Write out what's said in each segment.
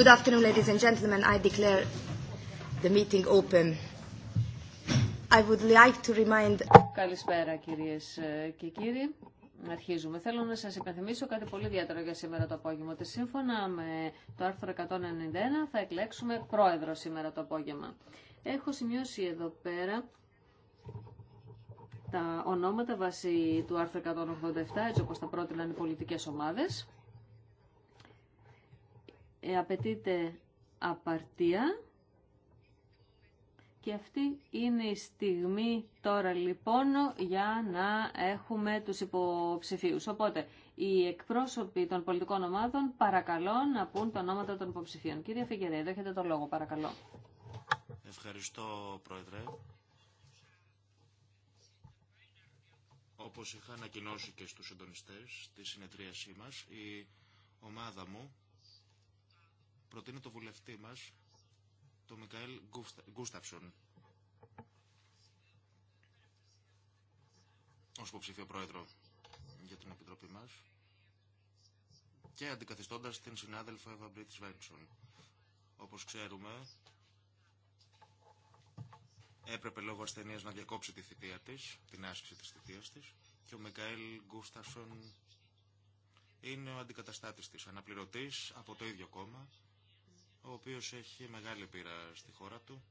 Καλησπέρα κυρίες ε, και κύριοι. Αρχίζουμε. Θέλω να σας υπενθυμίσω κάτι πολύ ιδιαίτερο για σήμερα το απόγευμα. Ότι σύμφωνα με το άρθρο 191 θα εκλέξουμε πρόεδρο σήμερα το απόγευμα. Έχω σημειώσει εδώ πέρα τα ονόματα βάσει του άρθρου 187 έτσι όπως τα πρότειναν οι πολιτικές ομάδες. Ε, απαιτείται απαρτία και αυτή είναι η στιγμή τώρα λοιπόν για να έχουμε τους υποψηφίους. Οπότε οι εκπρόσωποι των πολιτικών ομάδων παρακαλώ να πούν τα ονόματα των υποψηφίων. Κύριε Φιγερέδο, έχετε το λόγο παρακαλώ. Ευχαριστώ Πρόεδρε. Όπως είχα ανακοινώσει και στους συντονιστές της συνεδρίασή μας, η ομάδα μου προτείνει το βουλευτή μας, το Μικαέλ Γκούσταψον, ως υποψήφιο πρόεδρο για την Επιτροπή μας και αντικαθιστώντας την συνάδελφο Εύα Μπρίτ Βέντσον. Όπως ξέρουμε, έπρεπε λόγω ασθενείας να διακόψει τη θητεία της, την άσκηση της θητείας της και ο Μικαέλ Γκούσταυσον είναι ο αντικαταστάτης της, αναπληρωτής από το ίδιο κόμμα ο οποίος έχει μεγάλη πείρα στη χώρα του.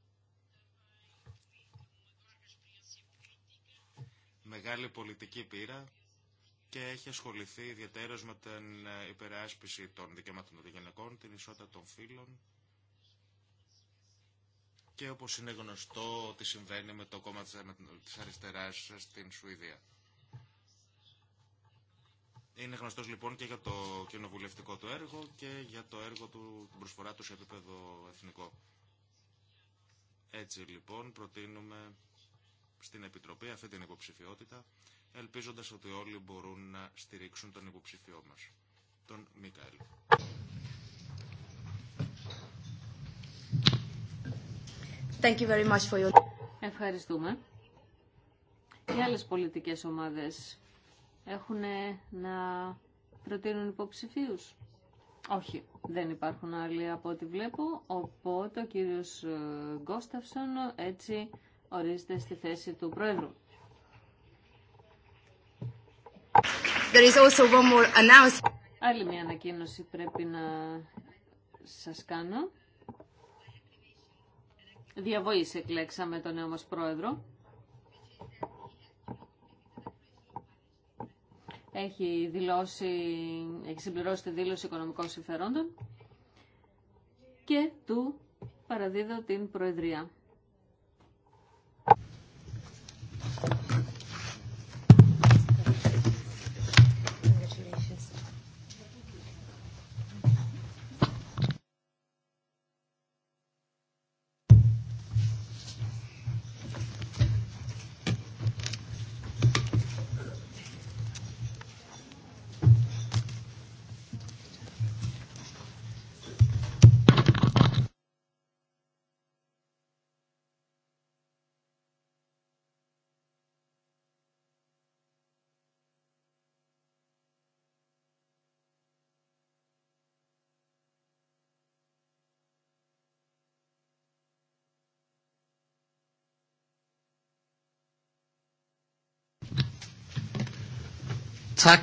Μεγάλη πολιτική πείρα και έχει ασχοληθεί ιδιαίτερως με την υπεράσπιση των δικαιωμάτων των γυναικών, την ισότητα των φίλων και όπως είναι γνωστό ότι συμβαίνει με το κόμμα της αριστεράς στην Σουηδία. Είναι γνωστό λοιπόν και για το κοινοβουλευτικό του έργο και για το έργο του, την προσφορά του σε επίπεδο εθνικό. Έτσι λοιπόν προτείνουμε στην Επιτροπή αυτή την υποψηφιότητα, ελπίζοντας ότι όλοι μπορούν να στηρίξουν τον υποψηφιό μας, τον Μίκαελ. Thank you very much for your... Ευχαριστούμε. Και άλλες πολιτικές ομάδες έχουν να προτείνουν υποψηφίους. Όχι, δεν υπάρχουν άλλοι από ό,τι βλέπω, οπότε ο κύριος ε, Γκόσταυσον έτσι ορίζεται στη θέση του Πρόεδρου. There is also one more announcement. Άλλη μια ανακοίνωση πρέπει να σας κάνω. Διαβοήσε εκλέξαμε τον νέο μας Πρόεδρο. έχει, δηλώσει, έχει συμπληρώσει τη δήλωση οικονομικών συμφερόντων και του παραδίδω την Προεδρία. Eh,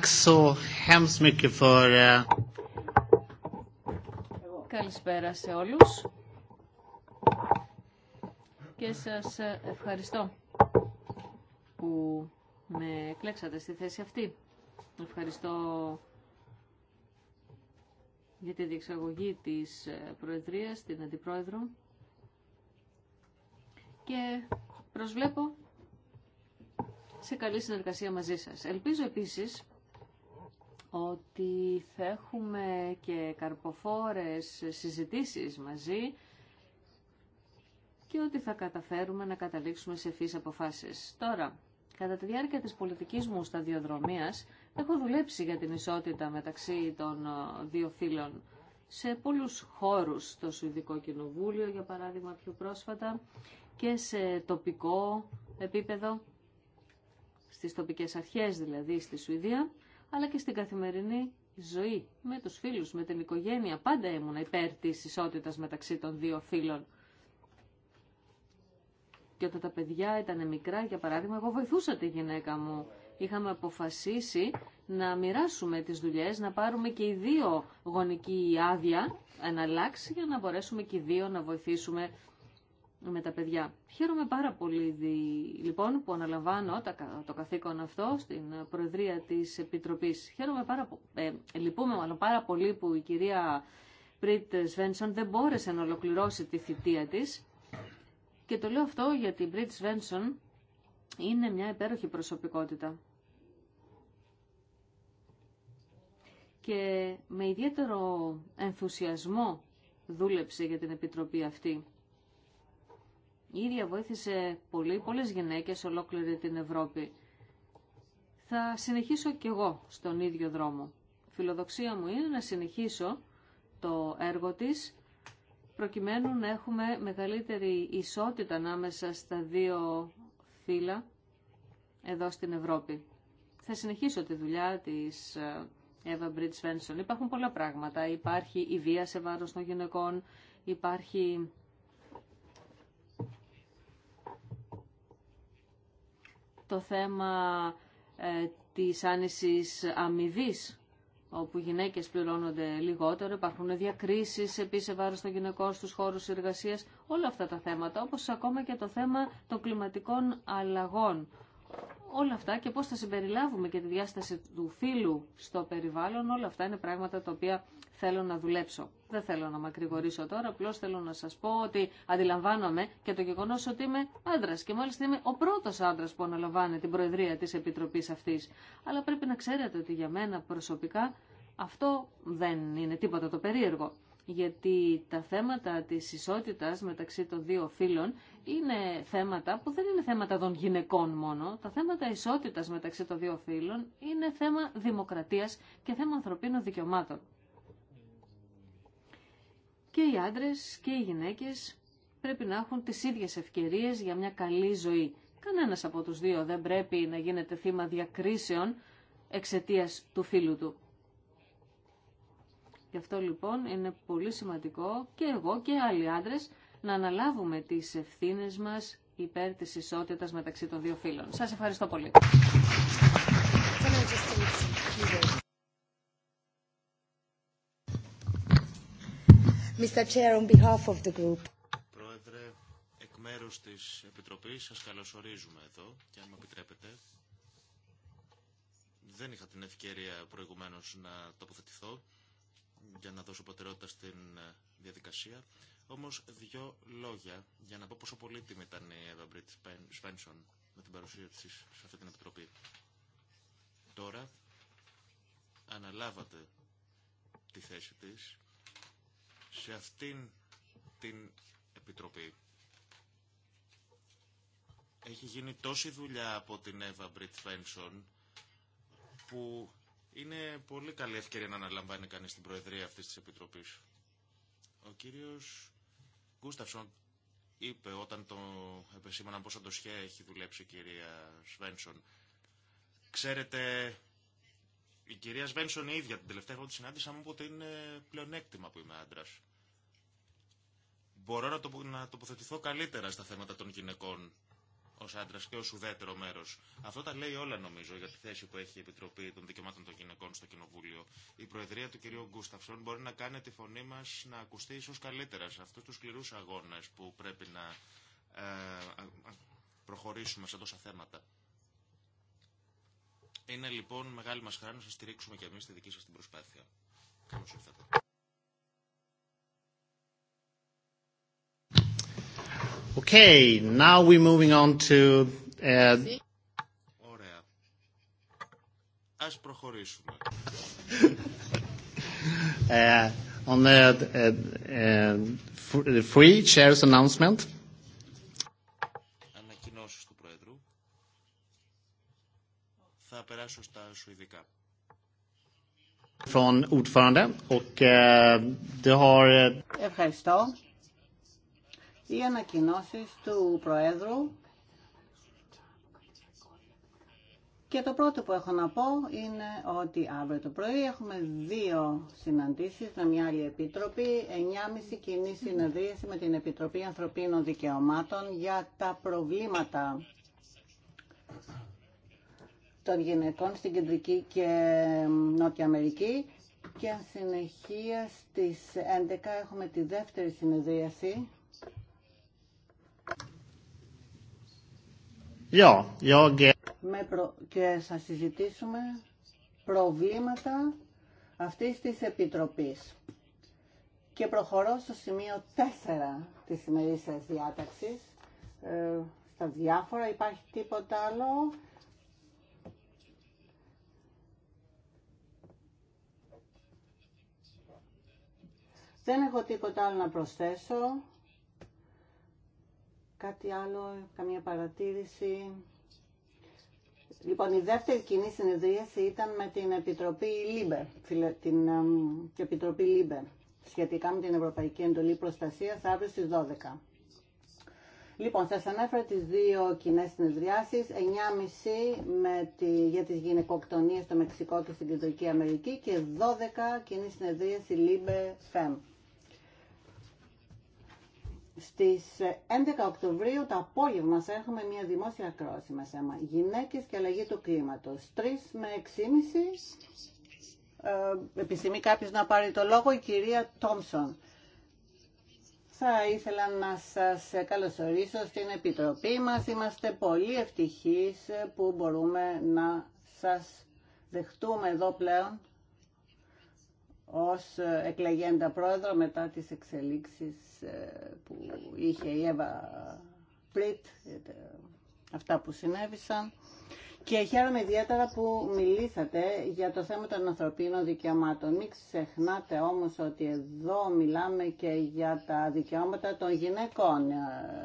Καλησπέρα σε όλους και σας ε, ευχαριστώ που με κλέξατε στη θέση αυτή. Ευχαριστώ για τη διεξαγωγή της ε, Προεδρίας, την Αντιπρόεδρο και προσβλέπω σε καλή συνεργασία μαζί σας. Ελπίζω επίσης ότι θα έχουμε και καρποφόρες συζητήσεις μαζί και ότι θα καταφέρουμε να καταλήξουμε σε αποφάσεις. Τώρα, κατά τη διάρκεια της πολιτικής μου σταδιοδρομίας, έχω δουλέψει για την ισότητα μεταξύ των ε, δύο φύλων σε πολλούς χώρους, στο Σουηδικό Κοινοβούλιο, για παράδειγμα πιο πρόσφατα, και σε τοπικό επίπεδο, στις τοπικές αρχές δηλαδή στη Σουηδία, αλλά και στην καθημερινή ζωή, με τους φίλους, με την οικογένεια. Πάντα ήμουν υπέρ της ισότητας μεταξύ των δύο φίλων. Και όταν τα παιδιά ήταν μικρά, για παράδειγμα, εγώ βοηθούσα τη γυναίκα μου. Είχαμε αποφασίσει να μοιράσουμε τις δουλειές, να πάρουμε και οι δύο γονική άδεια, εναλλάξει, για να μπορέσουμε και οι δύο να βοηθήσουμε με τα παιδιά. Χαίρομαι πάρα πολύ λοιπόν που αναλαμβάνω το καθήκον αυτό στην Προεδρία της Επιτροπής. Χαίρομαι πάρα, ε, λυπούμε μάλλον πάρα πολύ που η κυρία Πρίτ Σβένσον δεν μπόρεσε να ολοκληρώσει τη θητεία της και το λέω αυτό γιατί η Πρίτ Σβένσον είναι μια υπέροχη προσωπικότητα. Και με ιδιαίτερο ενθουσιασμό δούλεψε για την Επιτροπή αυτή η ίδια βοήθησε πολύ, πολλές γυναίκες ολόκληρη την Ευρώπη. Θα συνεχίσω κι εγώ στον ίδιο δρόμο. Φιλοδοξία μου είναι να συνεχίσω το έργο της, προκειμένου να έχουμε μεγαλύτερη ισότητα ανάμεσα στα δύο φύλλα εδώ στην Ευρώπη. Θα συνεχίσω τη δουλειά της Εύα Μπριτ Σφένσον. Υπάρχουν πολλά πράγματα. Υπάρχει η βία σε βάρος των γυναικών, υπάρχει το θέμα ε, της άνησης αμοιβή όπου οι γυναίκες πληρώνονται λιγότερο, υπάρχουν διακρίσεις επίσης βάρος των γυναικών στους χώρους εργασίας, όλα αυτά τα θέματα, όπως ακόμα και το θέμα των κλιματικών αλλαγών, όλα αυτά και πώς θα συμπεριλάβουμε και τη διάσταση του φύλου στο περιβάλλον, όλα αυτά είναι πράγματα τα οποία θέλω να δουλέψω. Δεν θέλω να μακρηγορήσω τώρα, απλώ θέλω να σας πω ότι αντιλαμβάνομαι και το γεγονός ότι είμαι άντρας και μάλιστα είμαι ο πρώτος άντρας που αναλαμβάνει την προεδρία της Επιτροπής αυτής. Αλλά πρέπει να ξέρετε ότι για μένα προσωπικά αυτό δεν είναι τίποτα το περίεργο γιατί τα θέματα της ισότητας μεταξύ των δύο φίλων είναι θέματα που δεν είναι θέματα των γυναικών μόνο. Τα θέματα ισότητας μεταξύ των δύο φίλων είναι θέμα δημοκρατίας και θέμα ανθρωπίνων δικαιωμάτων. Και οι άντρες και οι γυναίκες πρέπει να έχουν τις ίδιες ευκαιρίες για μια καλή ζωή. Κανένας από τους δύο δεν πρέπει να γίνεται θύμα διακρίσεων εξαιτίας του φίλου του. Γι' αυτό λοιπόν είναι πολύ σημαντικό και εγώ και άλλοι άντρες να αναλάβουμε τις ευθύνες μας υπέρ της ισότητας μεταξύ των δύο φίλων. Σας ευχαριστώ πολύ. Mr. Chair, on behalf of the group. Πρόεδρε, εκ μέρους της Επιτροπής σας καλωσορίζουμε εδώ και αν με επιτρέπετε δεν είχα την ευκαιρία προηγουμένως να τοποθετηθώ για να δώσω προτεραιότητα στην ε, διαδικασία. Όμως δύο λόγια για να πω πόσο πολύτιμη ήταν η Εύα Μπρίτ Σπένσον με την παρουσία της σε αυτή την επιτροπή. Τώρα αναλάβατε τη θέση της σε αυτήν την επιτροπή. Έχει γίνει τόση δουλειά από την Εύα Μπρίτ Σπένσον που είναι πολύ καλή ευκαιρία να αναλαμβάνει κανείς την Προεδρία αυτής της Επιτροπής. Ο κύριος Γκούσταυσον είπε όταν το επεσήμαναν πόσο το σχέ έχει δουλέψει η κυρία Σβένσον. Ξέρετε, η κυρία Σβένσον η ίδια την τελευταία φορά τη συνάντησα μου ότι είναι πλεονέκτημα που είμαι άντρα. Μπορώ να, το, να τοποθετηθώ καλύτερα στα θέματα των γυναικών ω άντρα και ω ουδέτερο μέρο. Αυτό τα λέει όλα νομίζω για τη θέση που έχει η Επιτροπή των Δικαιωμάτων των Γυναικών στο Κοινοβούλιο. Η Προεδρία του κυρίου Γκούσταυσον μπορεί να κάνει τη φωνή μα να ακουστεί ίσω καλύτερα σε αυτού του σκληρού αγώνε που πρέπει να ε, προχωρήσουμε σε τόσα θέματα. Είναι λοιπόν μεγάλη μα χαρά να σα στηρίξουμε κι εμεί τη δική σα την προσπάθεια. Καλώ ήρθατε. Okay, now we're moving on to... uh, on the uh, uh, free chairs announcement. Ανακοινώσεις του Πρόεδρου. Θα περάσω στα Från ordförande och det har οι ανακοινώσει του Προέδρου και το πρώτο που έχω να πω είναι ότι αύριο το πρωί έχουμε δύο συναντήσεις με μια άλλη επιτροπή, 9.30 κοινή συνεδρίαση με την Επιτροπή Ανθρωπίνων Δικαιωμάτων για τα προβλήματα των γυναικών στην Κεντρική και Νότια Αμερική και συνεχεία στις 11 έχουμε τη δεύτερη συνεδρίαση Με Και θα συζητήσουμε προβλήματα αυτής της Επιτροπής. Και προχωρώ στο σημείο 4 της σημερινής διάταξης. Ε, στα διάφορα υπάρχει τίποτα άλλο. Δεν έχω τίποτα άλλο να προσθέσω. Κάτι άλλο, καμία παρατήρηση. Λοιπόν, η δεύτερη κοινή συνεδρίαση ήταν με την Επιτροπή Λίμπερ, την Επιτροπή Λίμπερ, σχετικά με την Ευρωπαϊκή Εντολή Προστασίας, αύριο στις 12. Λοιπόν, σας ανέφερα τις δύο κοινέ συνεδριάσεις, 9.30 με τη, για τις γυναικοκτονίες στο Μεξικό και στην Κεντρική Αμερική και 12 κοινή συνεδρίαση Λίμπερ ΦΕΜ. Στις 11 ε, Οκτωβρίου το απόγευμα θα έχουμε μια δημόσια ακρόαση με θέμα γυναίκες και αλλαγή του κλίματος. 3 με 6,5, ε, επισημεί κάποιος να πάρει το λόγο η κυρία Τόμσον. Θα ήθελα να σας καλωσορίσω στην Επιτροπή μας. Είμαστε πολύ ευτυχείς που μπορούμε να σας δεχτούμε εδώ πλέον ως ε, εκλεγέντα πρόεδρο μετά τις εξελίξεις ε, που είχε η Εύα Πρίτ, ε, αυτά που συνέβησαν. Και χαίρομαι ιδιαίτερα που μιλήσατε για το θέμα των ανθρωπίνων δικαιωμάτων. Μην ξεχνάτε όμως ότι εδώ μιλάμε και για τα δικαιώματα των γυναικών.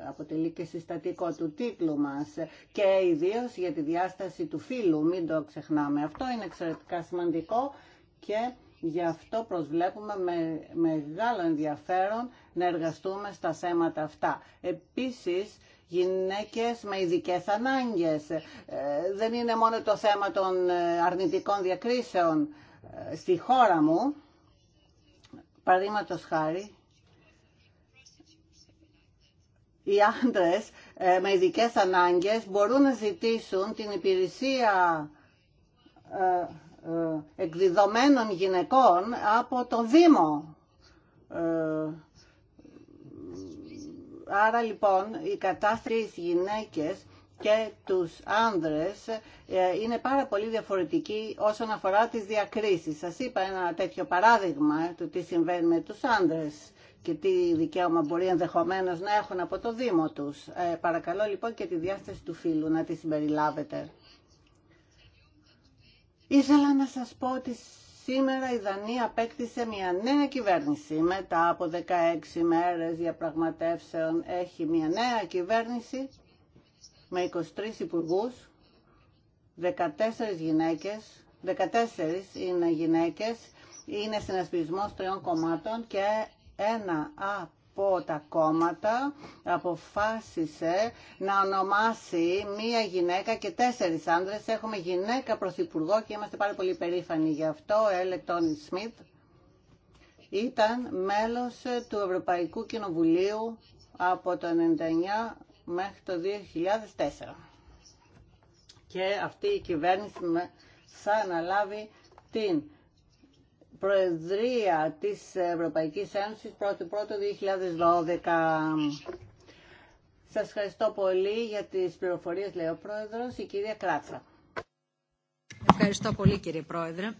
Αποτελεί και συστατικό του τίτλου μας και ιδίω για τη διάσταση του φίλου Μην το ξεχνάμε. Αυτό είναι εξαιρετικά σημαντικό και Γι' αυτό προσβλέπουμε με μεγάλο ενδιαφέρον να εργαστούμε στα θέματα αυτά. Επίσης, γυναίκες με ειδικέ ανάγκες. Ε, δεν είναι μόνο το θέμα των ε, αρνητικών διακρίσεων. Ε, στη χώρα μου, παραδείγματο χάρη, οι άντρες με ειδικέ ανάγκες μπορούν να ζητήσουν την υπηρεσία ε, εκδιδομένων γυναικών από το Δήμο. Ε, άρα λοιπόν οι κατάσταση γυναίκες και τους άνδρες ε, είναι πάρα πολύ διαφορετικοί όσον αφορά τις διακρίσεις. Σας είπα ένα τέτοιο παράδειγμα του τι συμβαίνει με τους άνδρες και τι δικαίωμα μπορεί ενδεχομένως να έχουν από το Δήμο τους. παρακαλώ λοιπόν και τη διάσταση του φίλου να τη συμπεριλάβετε. Ήθελα να σας πω ότι σήμερα η Δανία απέκτησε μια νέα κυβέρνηση. Μετά από 16 μέρες διαπραγματεύσεων έχει μια νέα κυβέρνηση με 23 υπουργούς, 14 γυναίκες, 14 είναι γυναίκες, είναι συνασπισμός τριών κομμάτων και ένα από από τα κόμματα αποφάσισε να ονομάσει μία γυναίκα και τέσσερις άνδρες. Έχουμε γυναίκα πρωθυπουργό και είμαστε πάρα πολύ περήφανοι γι' αυτό. Έλε Τόνι Σμιτ ήταν μέλος του Ευρωπαϊκού Κοινοβουλίου από το 1999 μέχρι το 2004. Και αυτή η κυβέρνηση θα αναλάβει την Προεδρία της Ευρωπαϊκής Ένωσης 1η 2012. Σας ευχαριστώ πολύ για τις πληροφορίες, λέει ο Πρόεδρος, η κυρία Κράτσα. Ευχαριστώ πολύ κύριε Πρόεδρε.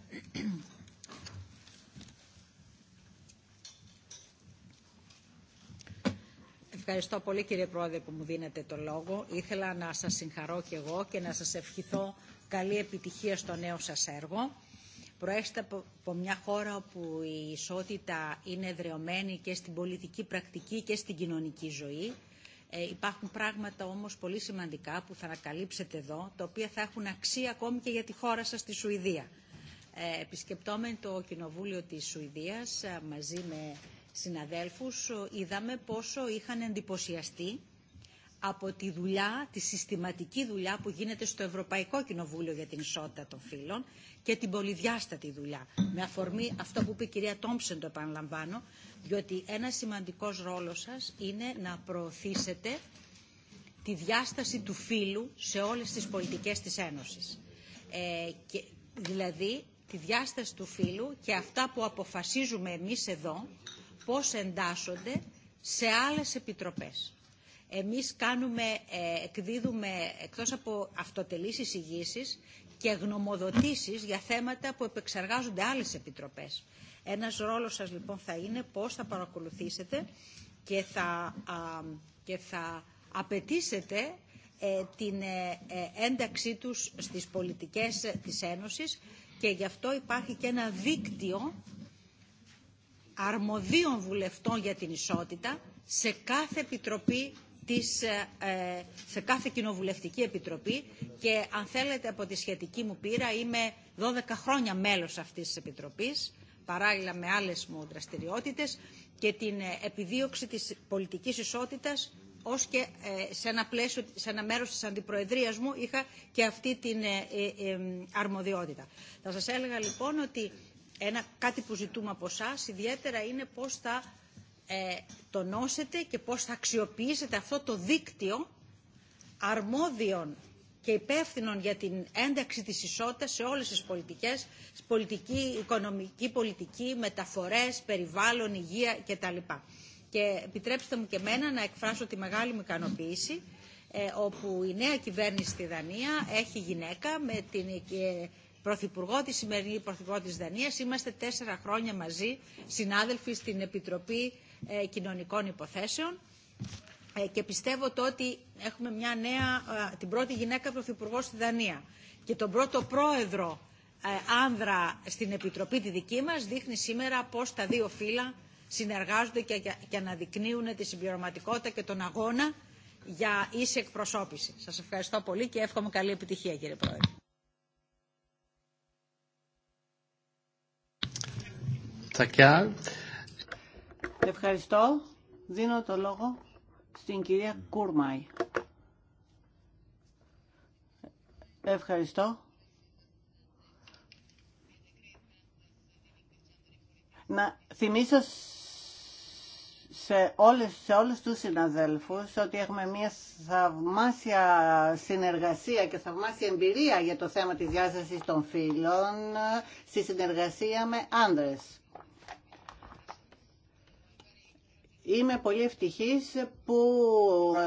Ευχαριστώ πολύ κύριε Πρόεδρε που μου δίνετε το λόγο. Ήθελα να σας συγχαρώ και εγώ και να σας ευχηθώ καλή επιτυχία στο νέο σας έργο. Προέρχεται από μια χώρα όπου η ισότητα είναι εδρεωμένη και στην πολιτική πρακτική και στην κοινωνική ζωή. Ε, υπάρχουν πράγματα όμως πολύ σημαντικά που θα ανακαλύψετε εδώ, τα οποία θα έχουν αξία ακόμη και για τη χώρα σας, τη Σουηδία. Ε, το Κοινοβούλιο της Σουηδίας ε, μαζί με συναδέλφους, ε, είδαμε πόσο είχαν εντυπωσιαστεί από τη δουλειά, τη συστηματική δουλειά που γίνεται στο Ευρωπαϊκό Κοινοβούλιο για την Ισότητα των Φύλων και την πολυδιάστατη δουλειά. Με αφορμή αυτό που είπε η κυρία Τόμψεν το επαναλαμβάνω, διότι ένα σημαντικός ρόλος σας είναι να προωθήσετε τη διάσταση του φύλου σε όλες τις πολιτικές της Ένωσης. Ε, δηλαδή, τη διάσταση του φύλου και αυτά που αποφασίζουμε εμείς εδώ, πώς εντάσσονται σε άλλες επιτροπές εμείς κάνουμε, ε, εκδίδουμε εκτός από αυτοτελείς εισηγήσει και γνωμοδοτήσεις για θέματα που επεξεργάζονται άλλες επιτροπές. Ένας ρόλος σας λοιπόν θα είναι πώς θα παρακολουθήσετε και θα, και θα απαιτήσετε ε, την ε, ένταξή τους στις πολιτικές της Ένωσης και γι' αυτό υπάρχει και ένα δίκτυο αρμοδίων βουλευτών για την ισότητα σε κάθε επιτροπή της, ε, ε, σε κάθε κοινοβουλευτική επιτροπή και αν θέλετε από τη σχετική μου πείρα είμαι 12 χρόνια μέλος αυτής της επιτροπής παράλληλα με άλλες μου δραστηριότητες και την ε, επιδίωξη της πολιτικής ισότητας ως και σε ένα, πλαίσιο, σε ένα μέρος της αντιπροεδρίας μου είχα και αυτή την αρμοδιότητα. Θα σας έλεγα λοιπόν ότι ένα, κάτι που ζητούμε από εσά ιδιαίτερα είναι πώς θα ε, τονώσετε και πώς θα αξιοποιήσετε αυτό το δίκτυο αρμόδιων και υπεύθυνων για την ένταξη της ισότητας σε όλες τις πολιτικές, πολιτική, οικονομική πολιτική, μεταφορές, περιβάλλον, υγεία κτλ. Και επιτρέψτε μου και μένα να εκφράσω τη μεγάλη μου ικανοποίηση ε, όπου η νέα κυβέρνηση στη Δανία έχει γυναίκα με την πρωθυπουργό της σημερινή πρωθυπουργό της Δανίας. Είμαστε τέσσερα χρόνια μαζί συνάδελφοι στην Επιτροπή ε, κοινωνικών Υποθέσεων ε, και πιστεύω το ότι έχουμε μια νέα, ε, την πρώτη γυναίκα πρωθυπουργό στη Δανία και τον πρώτο πρόεδρο άνδρα στην Επιτροπή τη δική μας δείχνει σήμερα πώς τα δύο φύλλα συνεργάζονται και αναδεικνύουν τη συμπληρωματικότητα και τον αγώνα για ίση εκπροσώπηση. Σας ευχαριστώ πολύ και εύχομαι καλή επιτυχία κύριε Πρόεδρε. Ευχαριστώ. Δίνω το λόγο στην κυρία Κούρμαϊ. Ευχαριστώ. Να θυμίσω σε, όλες, σε όλους τους συναδέλφους ότι έχουμε μια θαυμάσια συνεργασία και θαυμάσια εμπειρία για το θέμα της διάστασης των φίλων στη συνεργασία με άνδρες. Είμαι πολύ ευτυχής που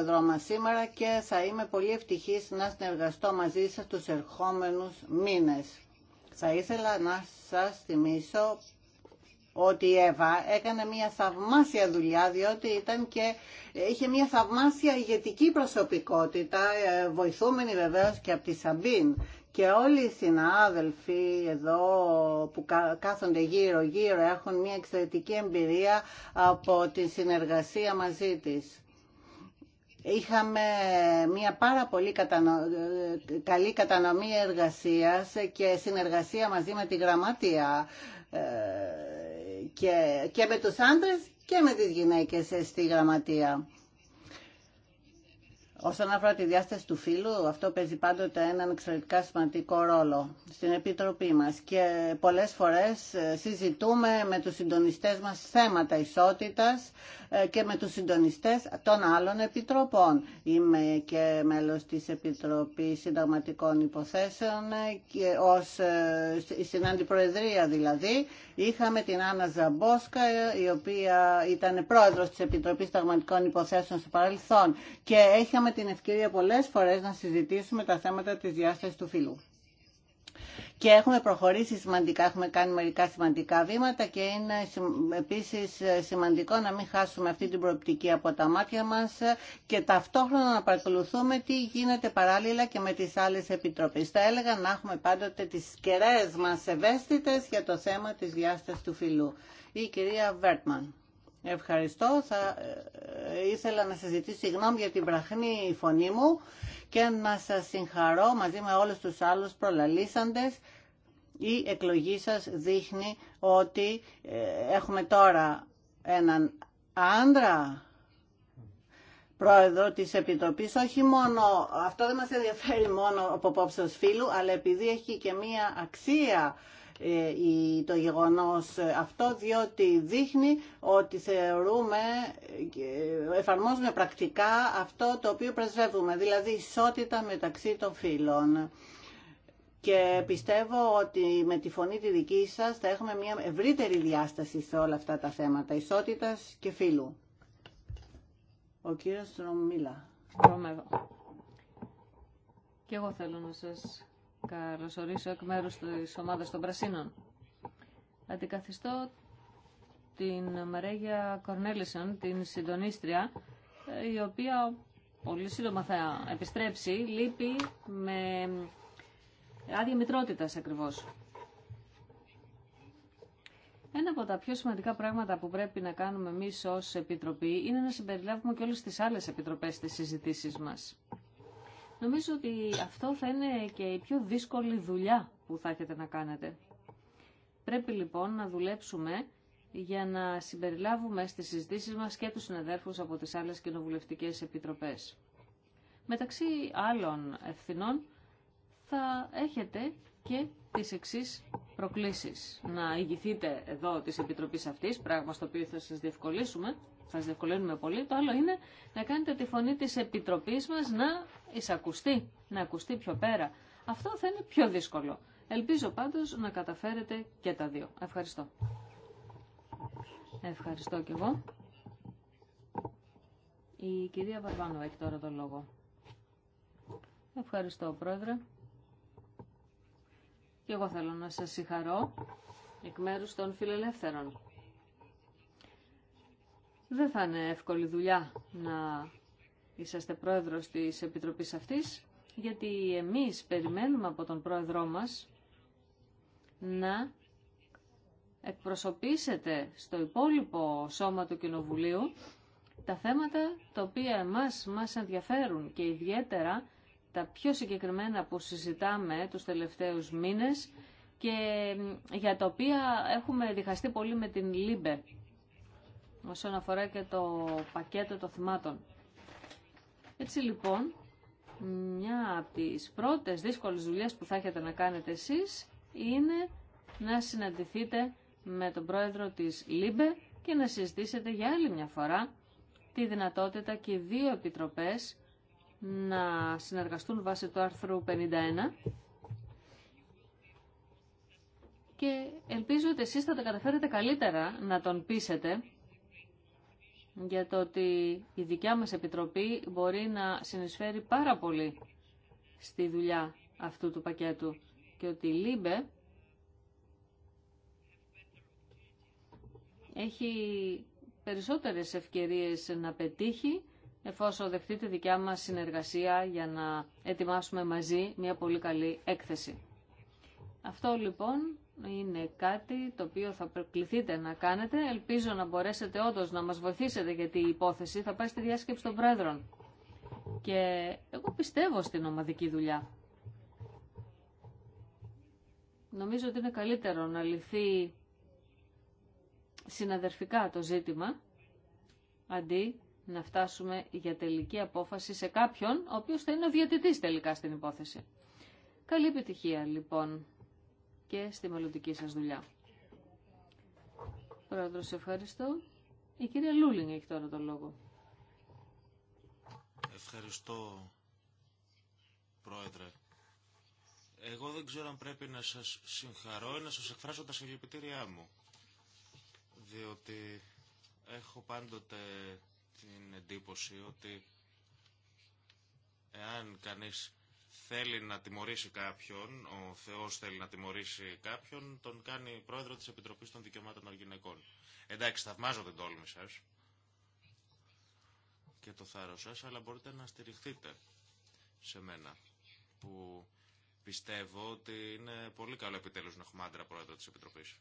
δρόμα σήμερα και θα είμαι πολύ ευτυχής να συνεργαστώ μαζί σας τους ερχόμενους μήνες. Θα ήθελα να σας θυμίσω ότι η Εύα έκανε μια θαυμάσια δουλειά διότι ήταν και είχε μια θαυμάσια ηγετική προσωπικότητα ε, βοηθούμενη βεβαίως και από τη Σαμπίν και όλοι οι συνάδελφοι εδώ που κάθονται γύρω-γύρω έχουν μια εξαιρετική εμπειρία από τη συνεργασία μαζί της. Είχαμε μια πάρα πολύ καλή κατανομή εργασίας και συνεργασία μαζί με τη γραμματεία ε, και, και με τους άντρες και με τις γυναίκες στη γραμματεία. Όσον αφορά τη διάσταση του φύλου, αυτό παίζει πάντοτε έναν εξαιρετικά σημαντικό ρόλο στην Επιτροπή μας και πολλές φορές ε, συζητούμε με τους συντονιστές μας θέματα ισότητας ε, και με τους συντονιστές των άλλων επιτροπών. Είμαι και μέλος της Επιτροπής Συνταγματικών Υποθέσεων ε, και ως στην Αντιπροεδρία δηλαδή είχαμε την Άννα Ζαμπόσκα η οποία ήταν πρόεδρος της Επιτροπής Συνταγματικών Υποθέσεων στο παρελθόν και την ευκαιρία πολλές φορές να συζητήσουμε τα θέματα της διάστασης του φύλου. Και έχουμε προχωρήσει σημαντικά, έχουμε κάνει μερικά σημαντικά βήματα και είναι επίσης σημαντικό να μην χάσουμε αυτή την προοπτική από τα μάτια μας και ταυτόχρονα να παρακολουθούμε τι γίνεται παράλληλα και με τις άλλες επιτροπές. Θα έλεγα να έχουμε πάντοτε τις κεραίες μας ευαίσθητες για το θέμα της διάστασης του φυλού. Η κυρία Βέρτμαν. Ευχαριστώ. Θα ε, ήθελα να σας ζητήσω συγγνώμη για την βραχνή φωνή μου και να σας συγχαρώ μαζί με όλους τους άλλους προλαλήσαντες. Η εκλογή σας δείχνει ότι ε, έχουμε τώρα έναν άντρα πρόεδρο της Επιτροπής, όχι μόνο, αυτό δεν μας ενδιαφέρει μόνο από απόψεως φίλου, αλλά επειδή έχει και μία αξία ε, το γεγονός αυτό διότι δείχνει ότι θεωρούμε, ε, εφαρμόζουμε πρακτικά αυτό το οποίο πρεσβεύουμε, δηλαδή ισότητα μεταξύ των φύλων. Και πιστεύω ότι με τη φωνή τη δική σας θα έχουμε μια ευρύτερη διάσταση σε όλα αυτά τα θέματα ισότητας και φύλου. Ο κύριος Ρωμίλα. Και εγώ θέλω να σας καλωσορίσω εκ μέρου τη ομάδα των Πρασίνων. Αντικαθιστώ την Μαρέγια Κορνέλισον, την συντονίστρια, η οποία πολύ σύντομα θα επιστρέψει, λείπει με άδεια μητρότητας ακριβώς. Ένα από τα πιο σημαντικά πράγματα που πρέπει να κάνουμε εμεί ω Επιτροπή είναι να συμπεριλάβουμε και όλε τι άλλε επιτροπέ στι συζητήσει μα. Νομίζω ότι αυτό θα είναι και η πιο δύσκολη δουλειά που θα έχετε να κάνετε. Πρέπει λοιπόν να δουλέψουμε για να συμπεριλάβουμε στις συζητήσεις μας και τους συναδέρφους από τις άλλες κοινοβουλευτικές επιτροπές. Μεταξύ άλλων ευθυνών θα έχετε και τις εξής προκλήσεις. Να ηγηθείτε εδώ της Επιτροπής αυτής, πράγμα στο οποίο θα σας διευκολύσουμε, θα σας διευκολύνουμε πολύ. Το άλλο είναι να κάνετε τη φωνή της Επιτροπής μας να εισακουστεί, να ακουστεί πιο πέρα. Αυτό θα είναι πιο δύσκολο. Ελπίζω πάντως να καταφέρετε και τα δύο. Ευχαριστώ. Ευχαριστώ και εγώ. Η κυρία Βαρβάνου έχει τώρα τον λόγο. Ευχαριστώ, Πρόεδρε. Και εγώ θέλω να σας συγχαρώ εκ μέρους των φιλελεύθερων. Δεν θα είναι εύκολη δουλειά να είσαστε πρόεδρος της Επιτροπής αυτής, γιατί εμείς περιμένουμε από τον πρόεδρό μας να εκπροσωπήσετε στο υπόλοιπο σώμα του Κοινοβουλίου τα θέματα τα οποία εμάς μας ενδιαφέρουν και ιδιαίτερα τα πιο συγκεκριμένα που συζητάμε τους τελευταίους μήνες και για τα οποία έχουμε διχαστεί πολύ με την ΛΥΜΠΕ όσον αφορά και το πακέτο των θυμάτων. Έτσι λοιπόν, μια από τις πρώτες δύσκολες δουλειές που θα έχετε να κάνετε εσείς είναι να συναντηθείτε με τον πρόεδρο της ΛΥΜΠΕ και να συζητήσετε για άλλη μια φορά τη δυνατότητα και δύο επιτροπές να συνεργαστούν βάσει του άρθρου 51 και ελπίζω ότι εσείς θα τα καταφέρετε καλύτερα να τον πείσετε για το ότι η δικιά μας Επιτροπή μπορεί να συνεισφέρει πάρα πολύ στη δουλειά αυτού του πακέτου και ότι η ΛΥΜΠΕ έχει περισσότερες ευκαιρίες να πετύχει εφόσον δεχτείτε δικιά μας συνεργασία για να ετοιμάσουμε μαζί μια πολύ καλή έκθεση. Αυτό λοιπόν είναι κάτι το οποίο θα προκληθείτε να κάνετε. Ελπίζω να μπορέσετε όντω να μας βοηθήσετε γιατί η υπόθεση θα πάει στη διάσκεψη των πρόεδρων. Και εγώ πιστεύω στην ομαδική δουλειά. Νομίζω ότι είναι καλύτερο να λυθεί συναδερφικά το ζήτημα αντί να φτάσουμε για τελική απόφαση σε κάποιον ο οποίος θα είναι ο διαιτητής τελικά στην υπόθεση. Καλή επιτυχία λοιπόν και στη μελλοντική σας δουλειά. σε ευχαριστώ. Η κυρία Λούλινγκ έχει τώρα τον λόγο. Ευχαριστώ, Πρόεδρε. Εγώ δεν ξέρω αν πρέπει να σας συγχαρώ ή να σας εκφράσω τα συλληπιτήριά μου. Διότι έχω πάντοτε την εντύπωση ότι εάν κανείς θέλει να τιμωρήσει κάποιον, ο Θεός θέλει να τιμωρήσει κάποιον, τον κάνει πρόεδρο της Επιτροπής των Δικαιωμάτων των Γυναικών. Εντάξει, θαυμάζω την τόλμη σας και το θάρρος σας, αλλά μπορείτε να στηριχθείτε σε μένα, που πιστεύω ότι είναι πολύ καλό επιτέλους να έχουμε άντρα πρόεδρο της Επιτροπής.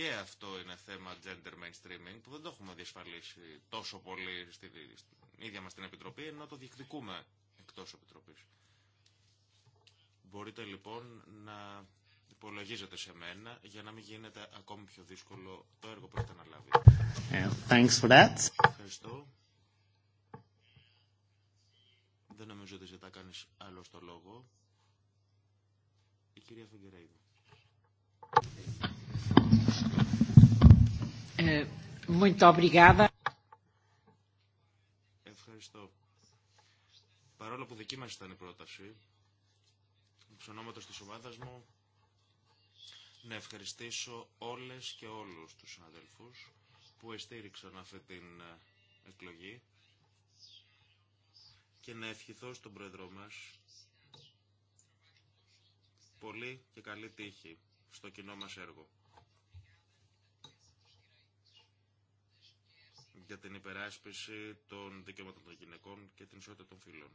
Και αυτό είναι θέμα gender mainstreaming που δεν το έχουμε διασφαλίσει τόσο πολύ στην ίδια μας την Επιτροπή, ενώ το διεκδικούμε εκτός Επιτροπής. Μπορείτε λοιπόν να υπολογίζετε σε μένα για να μην γίνεται ακόμη πιο δύσκολο το έργο που έχετε αναλάβει. Thanks for that. Ευχαριστώ. Δεν νομίζω ότι ζητά κανείς άλλο στο λόγο. Η κυρία Φεγγερέιδου. Ε, Ευχαριστώ. Παρόλο που δική μας ήταν η πρόταση, εξ ονόματος της ομάδας μου, να ευχαριστήσω όλες και όλους τους συναδέλφους που εστήριξαν αυτή την ε, εκλογή και να ευχηθώ στον Πρόεδρό μας πολύ και καλή τύχη στο κοινό μας έργο. για την υπεράσπιση των δικαιωμάτων των γυναικών και την ισότητα των φίλων.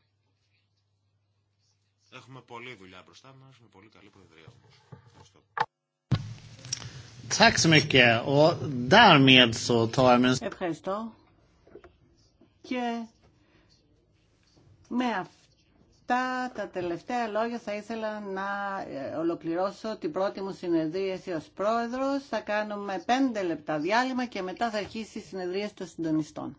Έχουμε πολλή δουλειά μπροστά μα με πολύ καλή προεδρία όμως. Ευχαριστώ. Ευχαριστώ. Και με αυτό τα τελευταία λόγια θα ήθελα να ε, ολοκληρώσω την πρώτη μου συνεδρίαση ως πρόεδρος. Θα κάνουμε πέντε λεπτά διάλειμμα και μετά θα αρχίσει η συνεδρίαση των συντονιστών.